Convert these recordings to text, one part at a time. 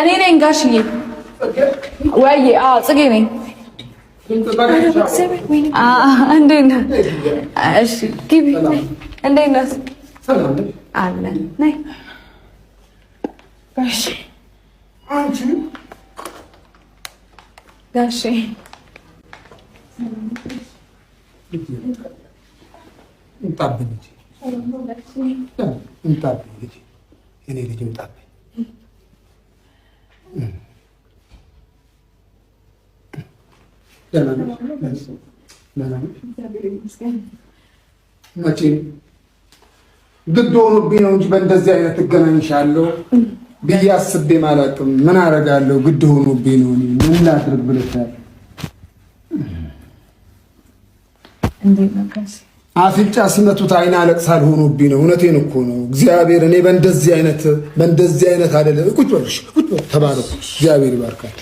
እኔ ነኝ ጋሽዬ። ወይዬ ጽጌ ነኝ። እንዴት ነህ? እሺ፣ ግቢ። እንዴት ነህ? አለን። ነይ ጋሼ። ጋሼ ምጣብኝ ልጅ ምጣብኝ የኔ ልጅ መቼም ግድ ሆኖብኝ ነው እንጂ በእንደዚህ አይነት እገናኝሻለሁ ብዬ አስቤም አላውቅም። ምን አደርጋለሁ? ግድ ሆኖብኝ ነው። ምን ላድርግ ብለሻል? እንዴት ነው አፍንጫ ስመቱት አይን አለቅሳል ሆኖብኝ ነው። እውነቴን እኮ ነው እግዚአብሔር። እኔ በእንደዚህ አይነት በእንደዚህ አይነት አይደለም። ቁጭ በልሽ፣ ቁጭ በል ተባረኩ። እግዚአብሔር ይባርካል።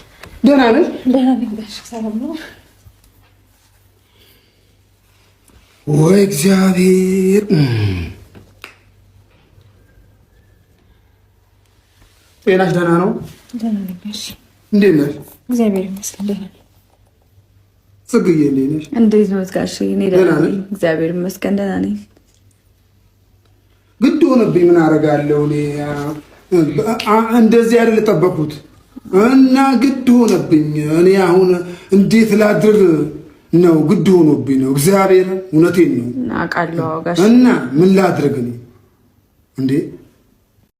ደህና ነሽ? ወይ እግዚአብሔር ጤናሽ ደህና ነው? ደህና ነሽ? እንዴት ነሽ? እግዚአብሔር ይመስገን ደህና ነኝ። ጽግዬ እንዴት ነሽ? እንዴት ነው ጋሽ? እኔ ደህና ነኝ፣ እግዚአብሔር ይመስገን ደህና ነኝ። ግድ ሆነብኝ። ምን አደርጋለሁ እኔ እንደዚህ አይደል ጠበኩት እና ግድ ሆነብኝ። እኔ አሁን እንዴት ላድር ነው? ግድ ሆኖብኝ ነው። እግዚአብሔር እውነቴን ነው እና ምን ላድርግ ነው እንዴ